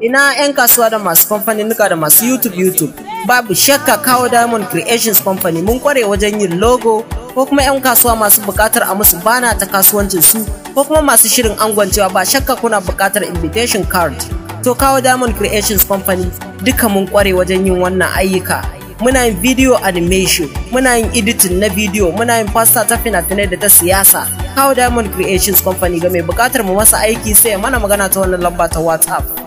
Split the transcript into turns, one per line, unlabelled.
ina 'yan kasuwa da masu nuka da masu youtube youtube babu shakka kawo diamond creations company mun kware wajen yin logo ko kuma 'yan kasuwa masu bukatar a musu bana ta kasuwancin su ko kuma masu shirin angon ba shakka kuna bukatar invitation card to kawo diamond creations company duka mun kware wajen yin wannan ayyuka muna yin video animation muna yin editin na video muna yin pasta ta fina-finai da ta siyasa kawo diamond creations company ga mai bukatar mu masa aiki sai mana magana ta wannan lamba ta whatsapp